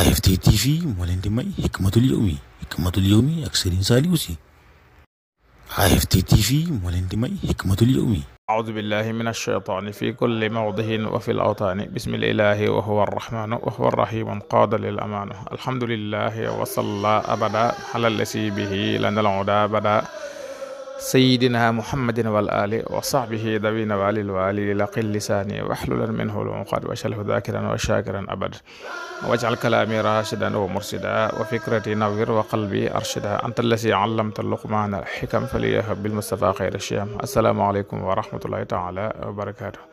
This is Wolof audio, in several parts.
AFT TV moo leen di may Hikmatul Yawmi Hikmatul Yawmi ak Serigne Saliou Sy AFT TV moo leen di may Hikmatul Yawmi aoudu billahi min alcheytaani fi kulli mawdihin wa fi l awtaani bismil ilahi wa huwa arrahmanu wa huwa arrahimu qaada lil amaanu alhamdulillahi wa salla abada ala lasi bihi lanal uda bada sayidina muhammadin wal ali wa sahbihi dawina walil wali laqil lisaani waxlulan minhu lumuqad wacalhu dakiran wa shakiran abad wajcal kalaami rashidan wa mursida wa fikrati nawir wa qalbi arshida anta allasi allamta luqmaana alxikam faliyahab bilmustafa xayra shiyam assalaamu aleykum wa rahmatullahi taala wa barakatuh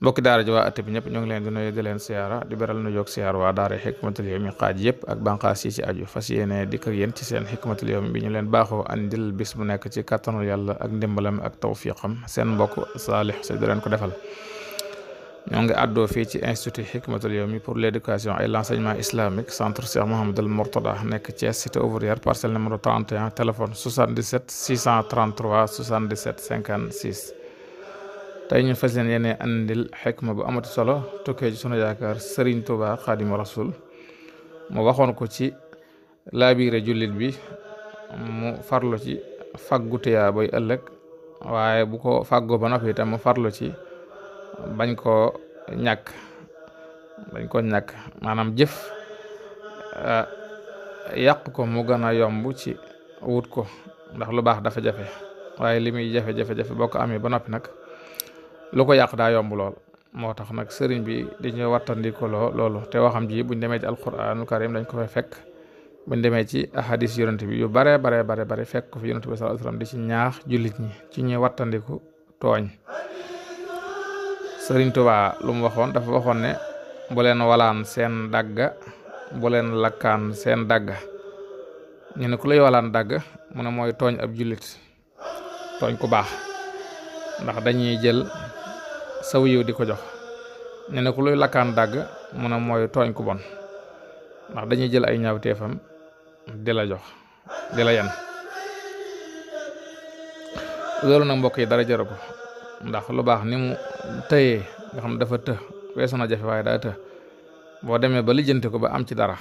mbokki daara ji waa atte bi ñëpp ñoo ngi leen di nuyu di leen siyaara di beral nu siyaar waa daara xikmatul yawmi xaaj yëpp ak banqaas ci aju fas yéene dikk ak ci seen xikmatul yawmi bi ñu leen baaxoo andil bis bu nekk ci kàttanul yàlla ak ndimbalam ak tawfiqam seen mbokk saalix si di leen ko defal ñoo ngi àddoo fii ci institut xikmatul yawmi pour l'éducation et l'enseignement islamique centre Cheikh Mohamed El Mourtada nekk Thiès cité ouvrière tey ñu fas leen yéene andil ma bu amati solo tukkee ci sunu yaakaar Serigne Touba Xaadimu Rasul mu waxoon ko ci laabiire jullit bi mu farlu ci faggu booy ëllëg waaye bu ko faggoo ba noppi itam mu farlu ci bañ koo ñàkk bañ koo ñàkk maanaam jëf eh, yàq ko mu gën a yomb ci wut ko ndax lu baax dafa jafe waaye li jafe-jafe-jafe boo ko amee ba noppi nag lu ko yàq daa yomb lool moo tax nag sëriñ bi dañuy wattandiku loolu te waxam ji buñ demee ci alquranul karim dañ ko fay fekk buñ demee ci ahadis yonent bi yu bare bare bare bare fekk ko fi yonent bi sallallahu alayhi wasallam di ci ñaax jullit ñi ci ñuy wattandiku tooñ sëriñ Tuubaa lu mu waxoon dafa waxoon ne bu leen walaan seen dàgga bu leen lakkaan seen dàgga ñu ne ku lay walaan dàgg mu ne mooy tooñ ab jullit tooñ ku baax ndax dañuy jël saw yiw di ko jox ne ko luy lakkaan dàgg mu ne mooy tooñ ku bon ndax dañuy jël ay ñaawteefam di la jox di la yan loolu nag mbokk yi dara jaru ko ndax lu baax ni mu tëyee nga xam dafa të weesu na jafe waaye daa të boo demee ba lijjanti ko ba am ci dara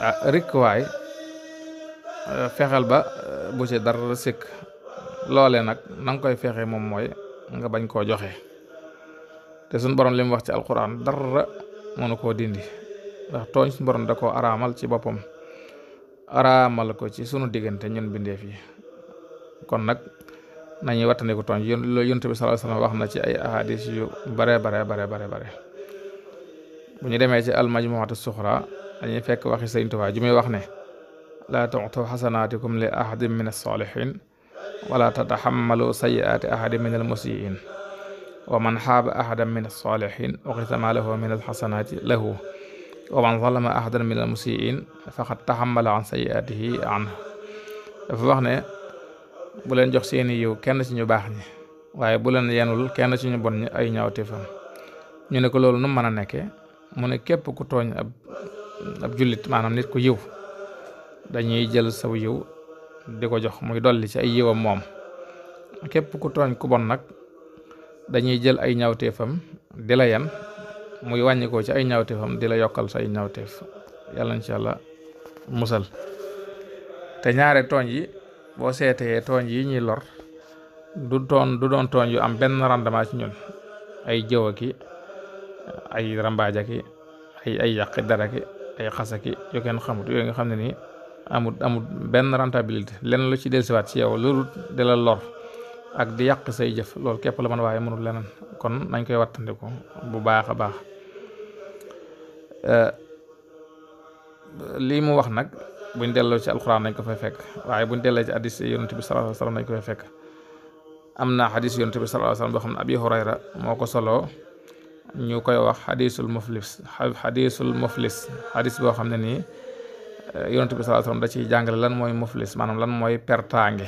ah rikk waay eh, fexeel ba eh, bu ci dara sikk loole nag na koy fexe moom mooy nga bañ koo joxe te sun borom li wax ci alquran dara mënu koo dindi ndax tooñ suñ borom da koo araamal ci boppam araamal ko ci sunu diggante ñun bindeef yi kon nag nañuy wattandiku tooñ loolu yonent bi sallallahu alayhi wasallam wax na ci ay ahadis yu bare bare bare bare bare bu ñu demee ci almajmuatu suxra dañuy fekk waxi Sëriñ Tuubaa ju muy wax ne laa tu'tu xasanaatikum li ahadin min as-saalihin wala tataxammalu sayiaati ahadi min almusiin wa man xaaba ahadan min alsaalihin uqisa ma lahu min alxasanaati lahu wa man zalama ahadan min almusiin faqad taxammala an sayiaatihi an dafa wax ne bu leen jox seeni yiw kenn ci ñu baax ñi waaye bu leen yenul kenn ci ñu bon ñi ay ñaawteefam ñu ne ko loolu nu mën a nekkee mu ne képp ku tooñ ab ab jullit maanaam nit ku yiw dañuy jël saw yiw di ko jox muy dolli ci ay yiwam moom képp ku tooñ ku bon nag dañuy jël ay ñawteefam di la yan muy wàññi ci ay ñawteefam di la yokkal say ñawteef yàlla insha allah musal te ñaare tooñ yi boo seetee tooñ yi ñuy lor du doon du doon tooñ yu am benn rendement ci ñun ay jëw ki ay rambaaj aki ay ay dara ki ay xasaki yu kenn xamut yooyu nga xam ne nii amul amul benn rentabilité lenn lu ci dellusiwaat ci yow loolu di lor ak di yàq say jëf loolu képp la mën waaye mënul leneen kon nañ koy wattandiku bu baax a baax eh, lii mu wax nag buñ delloo ci alxuraan nañ ko fay fekk waaye buñ delloo ci hadis yonent bi sallallahu alayhi wasallam nañ ko fay fekk bi sallallahu alayhi boo xam ne abi hurayra moo ko soloo ñu koy wax xadisul muflis xadisul muflis xadis boo xam ne nii Eh, yonent bi sallallahu alayhi da ciy jàngale lan mooy muflis maanaam lan mooy pertaange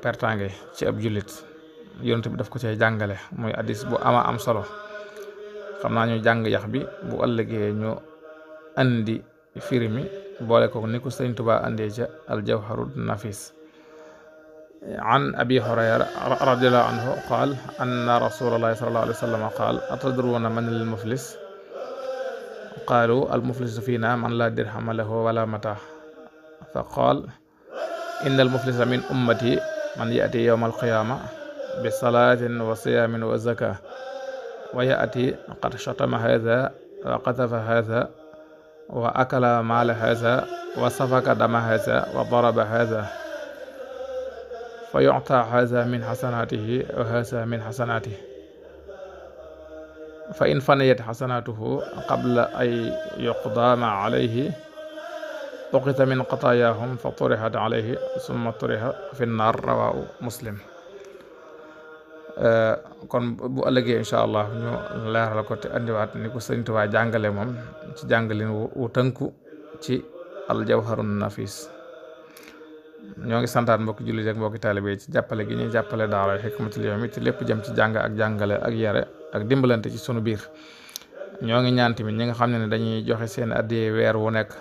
pertaange ci ab jullit yonent bi daf ko cay jàngale mooy addis bu ama am solo xam naa ñu jàng yax bi bu ëllëgee ñu andi firi mi boole ko ni ko sëñ Tuubaa ca aljawharul nafis an أبي هريرة رضي الله عنه قال أن رسول الله صلى الله عليه وسلم قال أتدرون من المفلس qaalu almuflisu fiina man laa dirhama lahu wala mata fa qaal inna almuflisa min ummati man yaati yowma alqiyaama bi salaatin wa siyaamin wa zaka wa yaati qad shatama haada wa qatafa haada wa akala maala haada wa safaka dama haada wa daraba haada fa yucta haada min xasanaatihi wa haada min xasanaatihi fa in faniyat xasanaatuhu qabla ay yuqdaama alayhi tuqita min qataayaahum fa turixat alayhi summa turixa fi nnaar rawaahu muslim eh, kon bu ëllëgee incha allah ñu leeral ko te andiwaat ni ko Sëriñ Tuubaa jàngale moom ci jàngalin wu tënku ci aljawharun nafis ñoo ngi santaat mbokki jullit ak mbokki taalibe ci jàppale gi ñuy jàppale daara ci Yawmi te lépp jëm ci jànga ak jàngale ak yare ak dimbalante ci sunu biir ñoo ngi ñaan tamit ñi nga xam ne dañuy joxe seen addiya weer wu nekk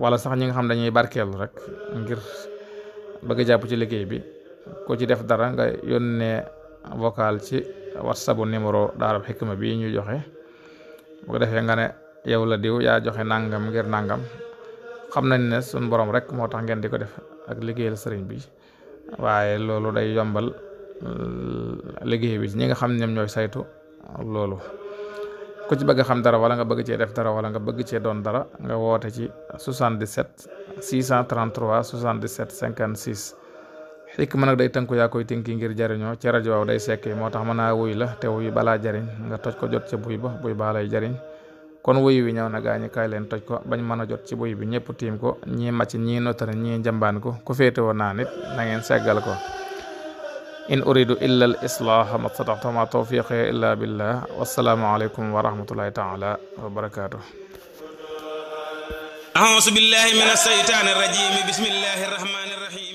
wala sax ñi nga xam dañuy barkeelu rek ngir bëgg a jàpp ci liggéey bi ku ci def dara nga yónnee vocal ci whatsapp bu numéro daarab xikma bii ñu joxe bu defee nga ne yow la diw yaa joxe nàngam ngir nàngam xam nañ ne suñ borom rek moo tax ngeen di ko def ak liggéeyal sëriñ bi waaye loolu day yombal Euh, liggéey bi ñi nga xam ñoom ñooy saytu loolu ku ci bëgg xam dara wala nga bëgg cee def dara wala nga bëgg cee doon dara nga woote ci 77 633 77 56 xikk ma nag day tënku yaa koy tinki ngir jariñoo ci rajo waaw day sekki moo tax mën naa wuy la te wuy balaa jariñ nga toj ko jot ci buy ba buy baalay jariñ kon wuy wi ñëw na gaañi kaay leen toj ko bañ mën a jot ci buy bi ñëpp tiim ko ñii màcc ñii notari ñii njambaan ko ku woon naa nit na ngeen seggal ko in uridu illa al islaaha ma stataxtu ma tawfiqi illa billah wassalaamu aleykum wa rahmatullahi taala wa barakaatu auzu billahi min alseytaani arrajim bismillahi arrahmani arrahim